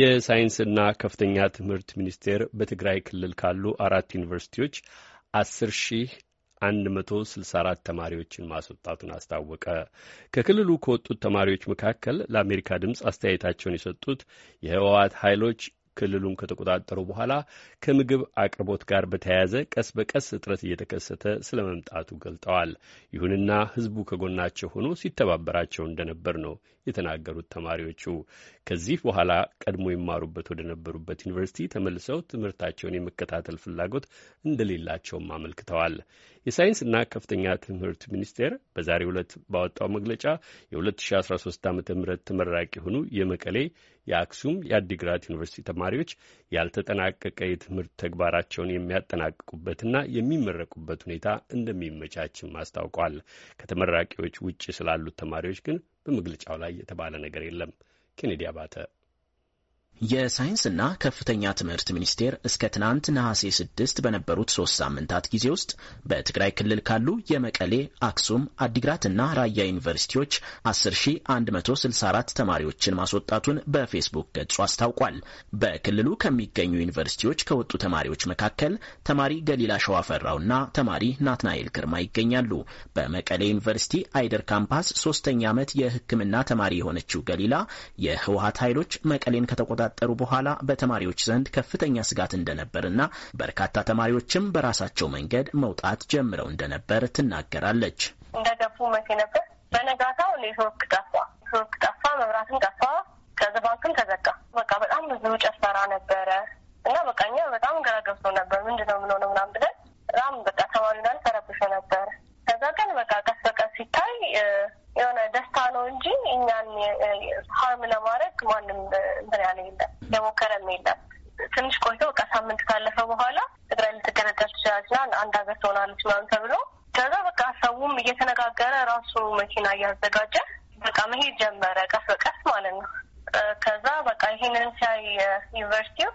የሳይንስና ከፍተኛ ትምህርት ሚኒስቴር በትግራይ ክልል ካሉ አራት ዩኒቨርሲቲዎች አስር ሺህ 164 ተማሪዎችን ማስወጣቱን አስታወቀ። ከክልሉ ከወጡት ተማሪዎች መካከል ለአሜሪካ ድምፅ አስተያየታቸውን የሰጡት የህወሓት ኃይሎች ክልሉን ከተቆጣጠሩ በኋላ ከምግብ አቅርቦት ጋር በተያያዘ ቀስ በቀስ እጥረት እየተከሰተ ስለ መምጣቱ ገልጠዋል። ይሁንና ህዝቡ ከጎናቸው ሆኖ ሲተባበራቸው እንደነበር ነው የተናገሩት። ተማሪዎቹ ከዚህ በኋላ ቀድሞ ይማሩበት ወደ ነበሩበት ዩኒቨርሲቲ ተመልሰው ትምህርታቸውን የመከታተል ፍላጎት እንደሌላቸውም አመልክተዋል። የሳይንስና ከፍተኛ ትምህርት ሚኒስቴር በዛሬ ዕለት ባወጣው መግለጫ የ2013 ዓ ም ተመራቂ የሆኑ የመቀሌ፣ የአክሱም፣ የአዲግራት ዩኒቨርሲቲ ተማሪዎች ያልተጠናቀቀ የትምህርት ተግባራቸውን የሚያጠናቅቁበትና የሚመረቁበት ሁኔታ እንደሚመቻችም አስታውቋል። ከተመራቂዎች ውጭ ስላሉት ተማሪዎች ግን በመግለጫው ላይ የተባለ ነገር የለም። ኬኔዲ አባተ የሳይንስና ከፍተኛ ትምህርት ሚኒስቴር እስከ ትናንት ነሐሴ ስድስት በነበሩት ሶስት ሳምንታት ጊዜ ውስጥ በትግራይ ክልል ካሉ የመቀሌ፣ አክሱም፣ አዲግራትና ራያ ዩኒቨርሲቲዎች 10164 ተማሪዎችን ማስወጣቱን በፌስቡክ ገጹ አስታውቋል። በክልሉ ከሚገኙ ዩኒቨርሲቲዎች ከወጡ ተማሪዎች መካከል ተማሪ ገሊላ ሸዋፈራውና ተማሪ ናትናኤል ግርማ ይገኛሉ። በመቀሌ ዩኒቨርሲቲ አይደር ካምፓስ ሶስተኛ ዓመት የሕክምና ተማሪ የሆነችው ገሊላ የህወሀት ኃይሎች መቀሌን ከተቆጣ ከተቆጣጠሩ በኋላ በተማሪዎች ዘንድ ከፍተኛ ስጋት እንደነበርና በርካታ ተማሪዎችም በራሳቸው መንገድ መውጣት ጀምረው እንደነበር ትናገራለች። እንደገቡ መቼ ነበር በነጋታው ኔትወርክ ጠፋ፣ ኔትወርክ ጠፋ፣ መብራትም ጠፋ፣ ከዚ ባንክም ተዘጋ። በቃ በጣም ብዙ ጨፈራ ነበረ እና በቃ እኛ በጣም ገረገብቶ ነበር ነው እንጂ እኛን ሀርም ለማድረግ ማንም እንትን ያለ የለም የሞከረም የለም። ትንሽ ቆይቶ በቃ ሳምንት ካለፈ በኋላ ትግራይ ልትገነጠል ትችላለች አንድ ሀገር ትሆናለች ምናምን ተብሎ ከዛ በቃ ሰውም እየተነጋገረ ራሱ መኪና እያዘጋጀ በቃ መሄድ ጀመረ፣ ቀስ በቀስ ማለት ነው። ከዛ በቃ ይሄንን ሲያይ ዩኒቨርሲቲው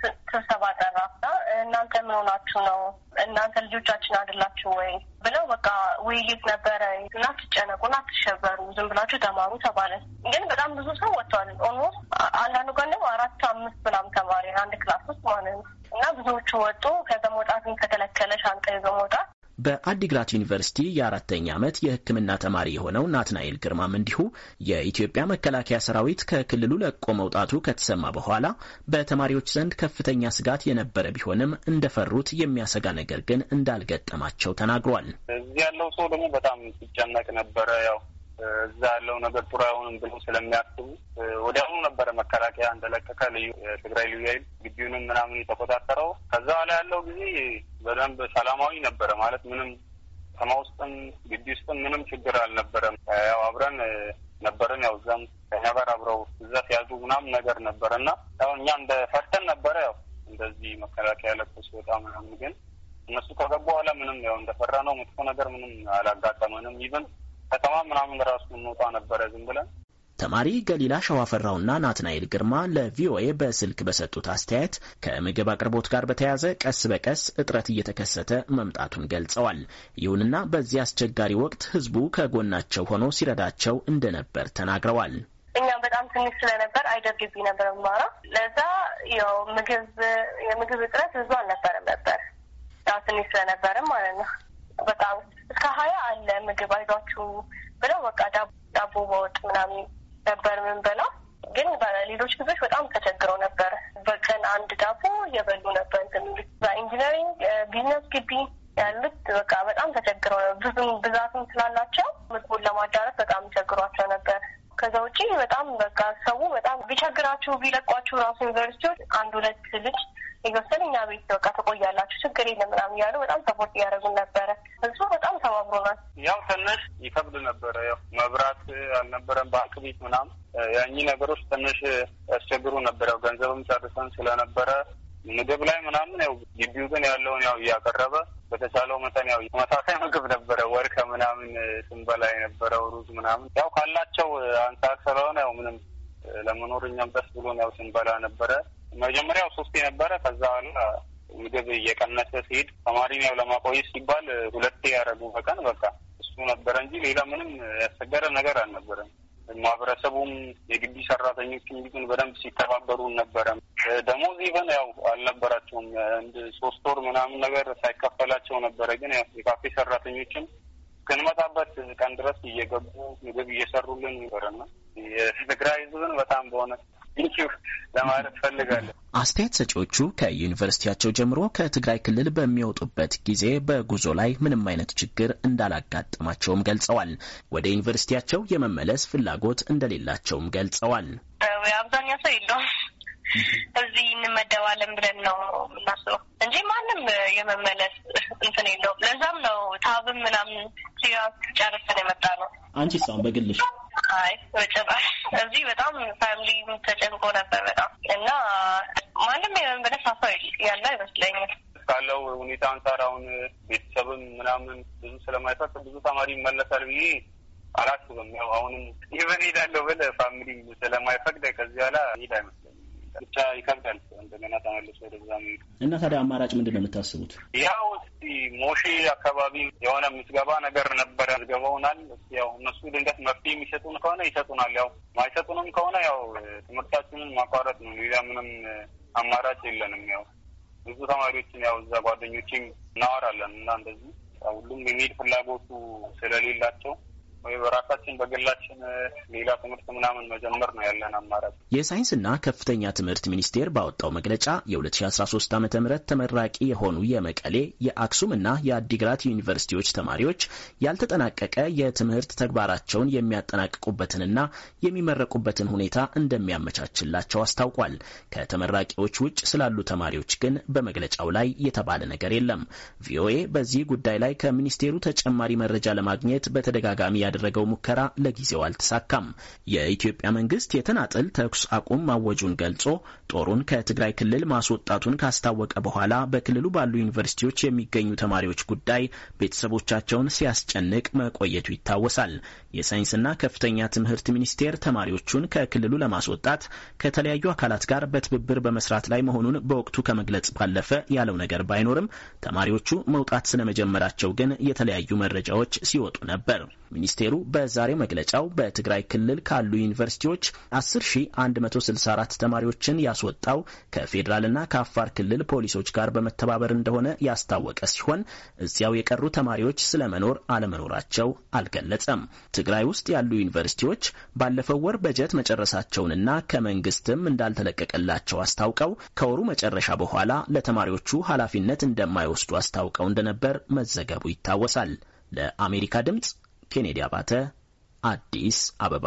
ስብሰባ ጠራና እናንተ ምን ሆናችሁ ነው እናንተ ልጆቻችን አይደላችሁ ወይ ብለው በቃ ውይይት ነበረ እና ትጨነቁ ትጨነቁና ትሸበሩ ዝም ብላችሁ ተማሩ ተባለ። ግን በጣም ብዙ ሰው ወጥቷል። ኦልሞስት አንዳንዱ ቀን ደግሞ አራት አምስት ብላም ተማሪ አንድ ክላስ ውስጥ ማለት ነው እና ብዙዎቹ ወጡ። ከዛ መውጣትን ከተለከለ ሻንጣ ይዞ መውጣት በአዲግራት ዩኒቨርሲቲ የአራተኛ ዓመት የሕክምና ተማሪ የሆነው ናትናኤል ግርማም እንዲሁ የኢትዮጵያ መከላከያ ሰራዊት ከክልሉ ለቆ መውጣቱ ከተሰማ በኋላ በተማሪዎች ዘንድ ከፍተኛ ስጋት የነበረ ቢሆንም እንደፈሩት የሚያሰጋ ነገር ግን እንዳልገጠማቸው ተናግሯል። እዚህ ያለው ሰው ደግሞ በጣም ሲጨነቅ ነበረ። ያው እዛ ያለው ነገር ጥሩ አይሆንም ብሎ ስለሚያስቡ ወዲያውኑ ነበረ መከላከያ እንደለቀቀ ልዩ ትግራይ ልዩ ኃይል ግቢውንም ምናምን የተቆጣጠረው። ከዛ በኋላ ያለው ጊዜ በደንብ ሰላማዊ ነበረ ማለት ምንም ከተማ ውስጥም ግቢ ውስጥም ምንም ችግር አልነበረም። ያው አብረን ነበረን ያው እዛም ከኛ ጋር አብረው እዛ ሲያዙ ምናምን ነገር ነበረ እና ያው እኛ እንደ ፈርተን ነበረ ያው እንደዚህ መከላከያ ለብሶ ሲወጣ ምናምን ግን እነሱ ከገቡ በኋላ ምንም ያው እንደፈራ ነው መጥፎ ነገር ምንም አላጋጠመንም። ይብን ከተማ ምናምን ራሱ እንውጣ ነበረ ዝም ብለን ተማሪ ገሊላ ሸዋፈራውና ናትናኤል ግርማ ለቪኦኤ በስልክ በሰጡት አስተያየት ከምግብ አቅርቦት ጋር በተያያዘ ቀስ በቀስ እጥረት እየተከሰተ መምጣቱን ገልጸዋል። ይሁንና በዚህ አስቸጋሪ ወቅት ሕዝቡ ከጎናቸው ሆኖ ሲረዳቸው እንደነበር ተናግረዋል። እኛም በጣም ትንሽ ስለነበር አይደርግቢ ነበር ማራ ለዛ ያው ምግብ የምግብ እጥረት ብዙ አልነበረም ነበር ያው ትንሽ ስለነበርም ማለት ነው በጣም እስከ ሀያ አለ ምግብ አይዟችሁ ብለው በቃ ዳቦ በወጥ ምናምን ነበር ምን በላው ግን ሌሎች ልጆች በጣም ተቸግረው ነበር። በቀን አንድ ዳቦ እየበሉ ነበር። በኢንጂነሪንግ ቢዝነስ ግቢ ያሉት በቃ በጣም ተቸግረው ብዙም ብዛትም ስላላቸው ምግቡን ለማዳረስ በጣም ቸግሯቸው ነበር። ከዛ ውጭ በጣም በቃ ሰው በጣም ቢቸግራችሁ ቢለቋችሁ ራሱ ዩኒቨርሲቲዎች አንድ ሁለት ልጅ የወሰን እኛ ቤት በቃ ተቆያላችሁ ችግር የለም ምናምን እያሉ በጣም ሰፖርት እያደረጉን ነበረ። እሱ በጣም ተባብሮናል። ያው ትንሽ ይከብድ ነበረ። ያው መብራት አልነበረም ባንክ ቤት ምናምን ያኚ ነገሮች ትንሽ ያስቸግሩ ነበር ያው ገንዘብም ጨርሰን ስለነበረ ምግብ ላይ ምናምን ያው ግቢው ግን ያለውን ያው እያቀረበ በተቻለው መጠን ያው ተመሳሳይ ምግብ ነበረ። ወርከ ምናምን ስንበላ የነበረው ሩዝ ምናምን ያው ካላቸው አንጻር ስለሆነ ያው ምንም ለመኖር እኛም ደስ ብሎን ያው ስንበላ ነበረ። መጀመሪያው ሶስት የነበረ ከዛ በኋላ ምግብ እየቀነሰ ሲሄድ ተማሪን ያው ለማቆየት ሲባል ሁለቴ ያደረጉ በቀን በቃ እሱ ነበረ እንጂ ሌላ ምንም ያስቸገረ ነገር አልነበረም። ማህበረሰቡም የግቢ ሰራተኞች ቢሆን በደንብ ሲተባበሩ ነበረ። ደሞዝ ኢቨን ያው አልነበራቸውም አንድ ሶስት ወር ምናምን ነገር ሳይከፈላቸው ነበረ። ግን ያው የካፌ ሰራተኞችም እስክንመጣበት ቀን ድረስ እየገቡ ምግብ እየሰሩልን ነበረና የትግራይ ህዝብን በጣም በሆነ ለማለት ፈልጋለሁ። አስተያየት ሰጪዎቹ ከዩኒቨርሲቲያቸው ጀምሮ ከትግራይ ክልል በሚወጡበት ጊዜ በጉዞ ላይ ምንም አይነት ችግር እንዳላጋጠማቸውም ገልጸዋል። ወደ ዩኒቨርሲቲያቸው የመመለስ ፍላጎት እንደሌላቸውም ገልጸዋል። አብዛኛው ሰው የለውም እዚህ እንመደባለን ብለን ነው የምናስበው እንጂ ማንም የመመለስ እንትን የለውም። ለዛም ነው ታብም ምናምን ሲራ ጨርሰን የመጣ ነው። አንቺ ሰውን በግልሽ አይ በጭራሽ እዚህ በጣም ፋሚሊ ተጨንቆ ነበር በጣም እና ማንም የመንበለሳፋ ያለ አይመስለኝም ካለው ሁኔታ አንጻር አሁን ቤተሰብም ምናምን ብዙ ስለማይፈቅ ብዙ ተማሪ ይመለሳል ብዬ አላስብም። ያው አሁንም ይበን ሄዳለሁ ብል ፋሚሊ ስለማይፈቅድ ከዚህ በኋላ ሄድ አይመስለኝም። ብቻ ይከብዳል። እንደገና ተመልሶ ወደዛ እና ታዲያ አማራጭ ምንድን ነው የምታስቡት? ያው እስቲ ሞሺ አካባቢ የሆነ ምዝገባ ነገር ነበረ ዝገበውናል። ያው እነሱ ድንገት መፍትሄ የሚሰጡን ከሆነ ይሰጡናል። ያው ማይሰጡንም ከሆነ ያው ትምህርታችንን ማቋረጥ ነው። ሌላ ምንም አማራጭ የለንም። ያው ብዙ ተማሪዎችን ያው እዛ ጓደኞችም እናወራለን እና እንደዚህ ሁሉም የሚሄድ ፍላጎቱ ስለሌላቸው ወይ በራሳችን በግላችን ሌላ ትምህርት ምናምን መጀመር ነው ያለን አማራጭ። የሳይንስና ከፍተኛ ትምህርት ሚኒስቴር ባወጣው መግለጫ የ2013 ዓ ም ተመራቂ የሆኑ የመቀሌ የአክሱምና የአዲግራት ዩኒቨርሲቲዎች ተማሪዎች ያልተጠናቀቀ የትምህርት ተግባራቸውን የሚያጠናቅቁበትንና የሚመረቁበትን ሁኔታ እንደሚያመቻችላቸው አስታውቋል። ከተመራቂዎች ውጭ ስላሉ ተማሪዎች ግን በመግለጫው ላይ የተባለ ነገር የለም። ቪኦኤ በዚህ ጉዳይ ላይ ከሚኒስቴሩ ተጨማሪ መረጃ ለማግኘት በተደጋጋሚ ያደረገው ሙከራ ለጊዜው አልተሳካም። የኢትዮጵያ መንግስት የተናጠል ተኩስ አቁም ማወጁን ገልጾ ጦሩን ከትግራይ ክልል ማስወጣቱን ካስታወቀ በኋላ በክልሉ ባሉ ዩኒቨርሲቲዎች የሚገኙ ተማሪዎች ጉዳይ ቤተሰቦቻቸውን ሲያስጨንቅ መቆየቱ ይታወሳል። የሳይንስና ከፍተኛ ትምህርት ሚኒስቴር ተማሪዎቹን ከክልሉ ለማስወጣት ከተለያዩ አካላት ጋር በትብብር በመስራት ላይ መሆኑን በወቅቱ ከመግለጽ ባለፈ ያለው ነገር ባይኖርም ተማሪዎቹ መውጣት ስለመጀመራቸው ግን የተለያዩ መረጃዎች ሲወጡ ነበር። ሚኒስቴሩ በዛሬው መግለጫው በትግራይ ክልል ካሉ ዩኒቨርሲቲዎች 10164 ተማሪዎችን ያስወጣው ከፌዴራልና ከአፋር ክልል ፖሊሶች ጋር በመተባበር እንደሆነ ያስታወቀ ሲሆን እዚያው የቀሩ ተማሪዎች ስለመኖር አለመኖራቸው አልገለጸም። ትግራይ ውስጥ ያሉ ዩኒቨርሲቲዎች ባለፈው ወር በጀት መጨረሳቸውንና ከመንግስትም እንዳልተለቀቀላቸው አስታውቀው ከወሩ መጨረሻ በኋላ ለተማሪዎቹ ኃላፊነት እንደማይወስዱ አስታውቀው እንደነበር መዘገቡ ይታወሳል። ለአሜሪካ ድምፅ ኬኔዲ አባተ አዲስ አበባ